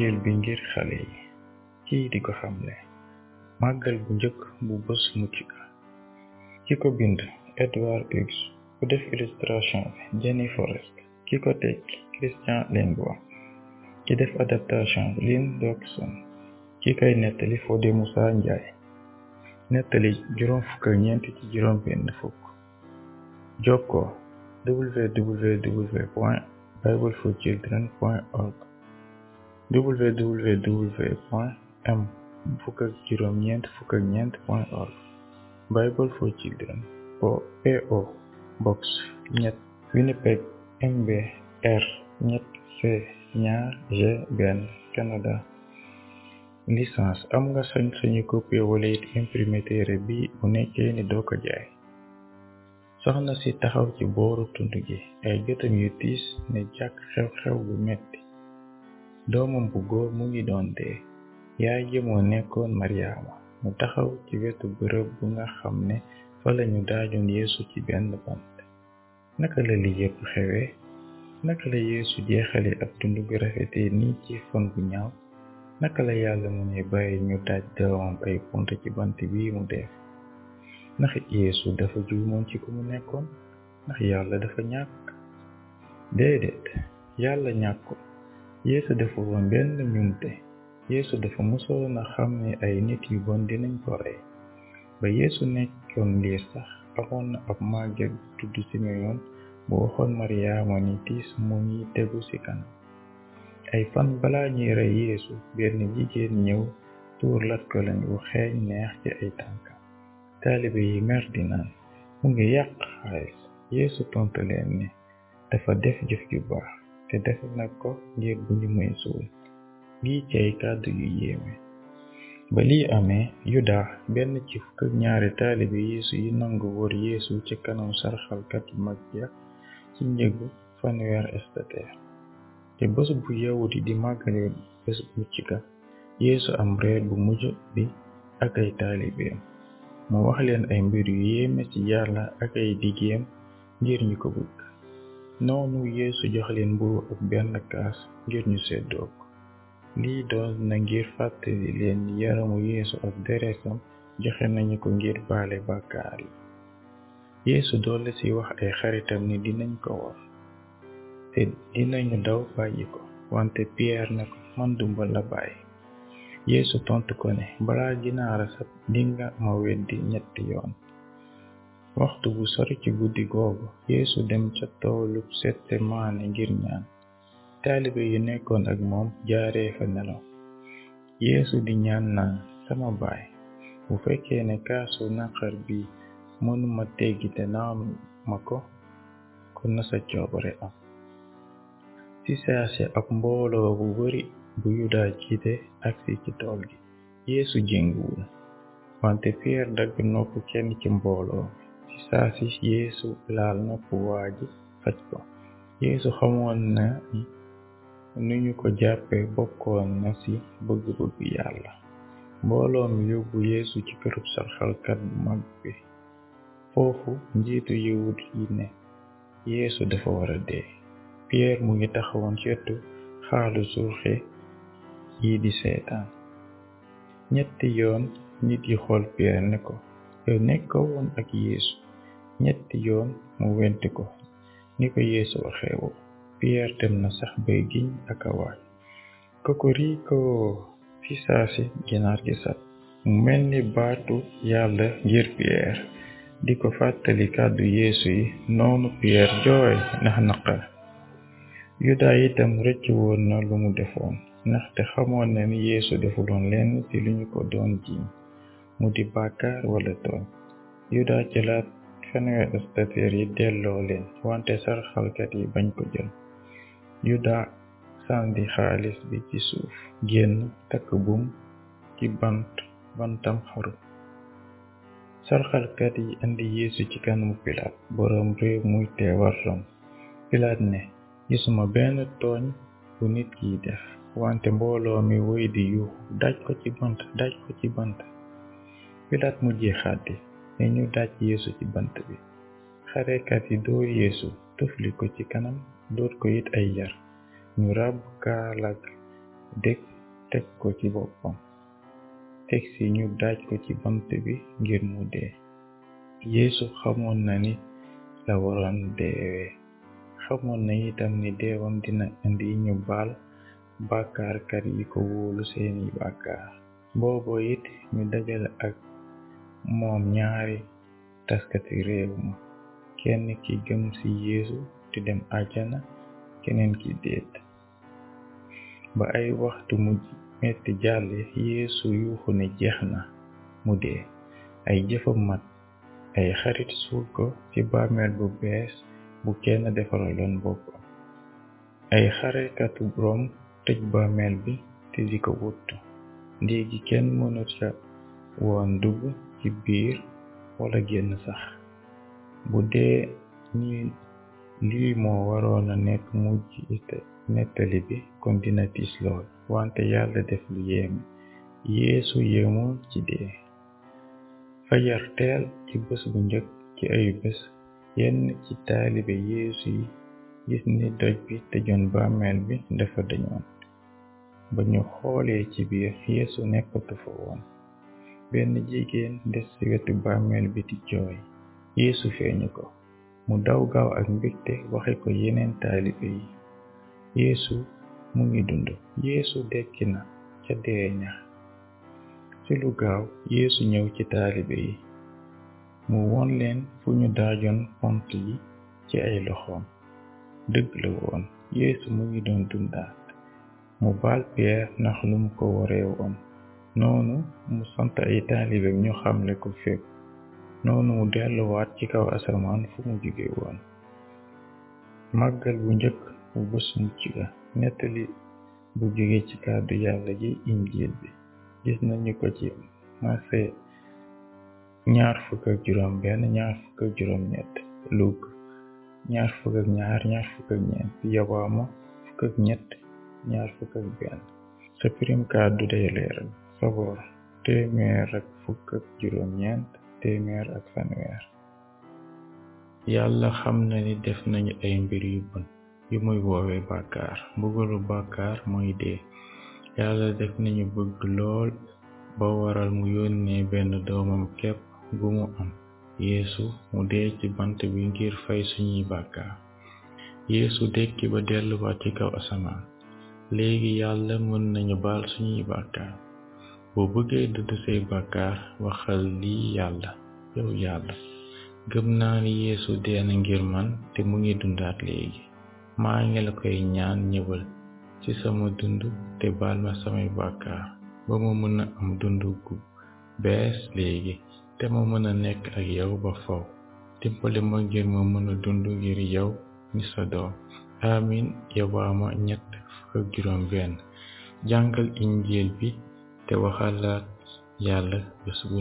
mbëggeel bi ngir xale yi kii di ko xamle màggal bu njëkk bu bés mucc ki ko bind Edward Hughes ku def illustration bi Jenny ki ko tekk Christian Lingua ki def adaptation bi Lynn ki kay nettali Fodé Moussa Ndiaye nettali juróom fukk ak ci juróom benn fukk jokkoo www www.m14.org Bible for Children po P.O. Box ñett Winnipeg MBR ñett C ñaar G Canada licence am nga sañ-sañu copier wala it imprimer bi mu nekkee ni doo ko jaay soxna si taxaw ci booru tund gi ay gëtam yu tiis ne jàkk xew-xew bu metti doomam bu góor mu ngi doon dee yaay ji nekkoon maryaama mu taxaw ci wetu bërëb bu nga xam ne fa lañu daajoon yeesu ci benn bant naka la li yépp xewee naka la yeesu jeexale ab dund gu rafetee nii ci fan bu ñaaw naka la yàlla mu ne bàyyi ñu taaj doomam ay pont ci bant bii mu def ndax yeesu dafa juumoon ci ku mu nekkoon ndax yàlla dafa ñàkk déedéet yàlla ñàkkoon yeesu defu woon benn njuumte yéesu dafa mësoon a xam ne ay nit yu bon dinañ ko rey ba yeesu nekkoon liir sax amoon na ab màgget bu tudd simeyon bu waxoon mariyaama ni tiis mu ngi tegu ci kanam ay fan balaa ñuy rey yeesu benn jigéen ñëw tuur latkalañ wu xeeñ neex ci ay tànkam taalibe yi mer di naan mu ngi yàq xaalis yeesu tontu leen ne dafa def jëf ju baax te def na ko ngir bu ñu may suul lii cay kàddu yu yéeme ba lii amee yuda benn ci fukk ak ñaari taalibe yeesu yi nangu wër yeesu ci kanam sarxalkat yu mag ya ci njëgu fanweer esteteer te bés bu yawut di màggale bés mucc ga yeesu am reer bu mujj bi ak ay taalibeem mu wax leen ay mbir yu yéeme ci yàlla ak ay diggeem ngir ñu ko bëgg noonu yéesu jox leen mburu ak benn kaas ngir ñu seddoo ko lii doon na ngir fàttali leen yaramu yéesu ak deretam joxe nañu ko ngir baale bàkkaar yi yeesu doole ci wax ay xaritam ni dinañ ko war te dinañu daw bàyyi ko wante piyeer na ko man duma la bàyyi yeesu tontu ko ne balaa ginaara sax dinga ma weddi ñetti yoon waxtu bu sori ci guddi googu yeesu dem ca toolub setsemaane ngir ñaan taalibe yu nekkoon ak moom jaaree fa nelaw yeesu di ñaan naan sama baay bu fekkee ne kaasu naqar bi mënuma teggi te naan ma ko kon na sa coobare am ci saase ab mbooloo bu bari bu yuda jiite agsi ci tool gi yeesu jénguwul wante piyeer dagg nopp kenn ci mbooloo ci saa si yeesu laal nopp waa ji faj ko yeesu xamoon na ni ñu ko jàppee bokkoon na ci bëgg-bëgg yàlla mbooloo mi yóbbu yeesu ci kërub sarxalkat bu mag bi foofu njiitu yawut yi ne yeesu dafa wara a dee pierre mu ngi taxawoon ci ëttu xaalu suuxe yi di seetaan ñetti yoon nit yi xool pierre ne ko yow nekkoo woon ak yeesu ñetti yoon mu went ko ni ko yeesu waxee woon piyeer dem na sax bay giñ ak a waay kokoriko ci ginaar gi sat mu mel ni baatu yàlla ngir piyeer di ko fàttali kàddu yeesu yi noonu piyeer jooy ndax naqar yuda itam rëcc woon na lu mu defoon ndaxte xamoon na ni yeesu defuloon lenn ci lu ñu ko doon jiiñ mu di bàkkaar wala tooñ yuda jëlaat fanweer statèr yi delloo leen wante sarxalkat yi bañ ko jël yuda sànni xaalis bi ci suuf génn takk buum ci bant bantam xaru sarxalkat yi indi yeesu ci kanamu pilaat boroom réew muy teewal rom pilaat ne gisuma benn tooñ bu nit kiy def wante mbooloo mi woy di yuuxu daj ko ci bant daj ko ci bant pilaat mujjee xàddi ne ñu daaj yeesu ci bant bi xarekat yi dóor yeesu tëfli ci kanam dóor ko it ay jar ñu ràbb kaalag dég teg ko ci boppam teg si ñu daaj ko ci bant bi ngir mu dee yeesu xamoon na ni la waroon deewee xamoon na itam ni deewam dina indi ñu baal bàkkaarkat yi ko wolu seeni bàkkaar boobo ñu dajale ak moom ñaari taskati réew ma kenn ki gëm ci yéesu te dem àjjana keneen ki déet ba ay waxtu mu metti jàlle yeesu yuuxu ne jeex na mu dee ay jëfa mat ay xarit suul ko ci bàmmeel bu bees bu kenn defaraloon boppam ay xarekatu boroom tëj bàmmeel bi te di ko wut léegi kenn mënu ca woon dugg ci biir wala génn sax bu dee ni lii moo waroon a nekk mujj nettali bi kon dina tiis wante yàlla def lu yéeme yeesu yéemul ci dee fajar teel ci bés bu njëkk ci ayu bés yenn ci taalibe yeesu yi gis ni doj bi tëjoon bàmmeel bi dafa dañoon ba ñu xoolee ci biir yeesu nekkatu fa woon benn jigéen des ci wetu bàmmeel bi di jooy yeesu feeñu ko mu daw gaaw ak mbégte waxe ko yeneen taalibe yi yeesu mu ngi dund yeesu dekki na ca dee ña ci lu gaaw yeesu ñëw ci taalibe yi mu won leen fu ñu daajoon pont yi ci ay loxoom dëgg la woon yeesu mu ngi doon dundaat mu baal Pierre ndax lu mu ko waree noonu mu sant ay taalibeem ñu xamle ko fépp noonu mu delluwaat ci kaw asamaan fu mu jóge woon màggal bu njëkk bu bés mucc ga nettali bu jóge ci kàddu yàlla ji injiil bi gis nañu ko ci Marse ñaar fukk ak benn ñaar fukk ak ñett Luuk ñaar fukk ñaar ñaar fukk ak ñeent Yowaama ñett ñaar fukk ak benn sa pirim kàddu day leeral saboor téeméer yàlla xam na ni def nañu ay mbir yu bon yu muy woowe bàkkaar mbugalu bàkkaar mooy dee yàlla def nañu bëgg lool ba waral mu yónnee benn doomam képp gu mu am yeesu mu dee ci bant bi ngir fay suñuy bàkkaar yeesu dekki ba delluwaat ci kaw asamaan léegi yàlla mën nañu baal suñuy bàkkaar boo bëggee dëdd say bàkkaar waxal lii yàlla yow yàlla gëm naa ni yéesu dee ngir man te mu ngi dundaat léegi maa ngi la koy ñaan ñëwal ci sama dund te baal ma samay bàkkaar ba ma mën a am dund gu bees léegi te ma mën a nekk ak yow ba faw dimbali ma ngir ma mën a dund ngir yow mi sa doom amin yowaama ñett fukk juróom benn jàngal injil bi te waxalaat yàlla bés bu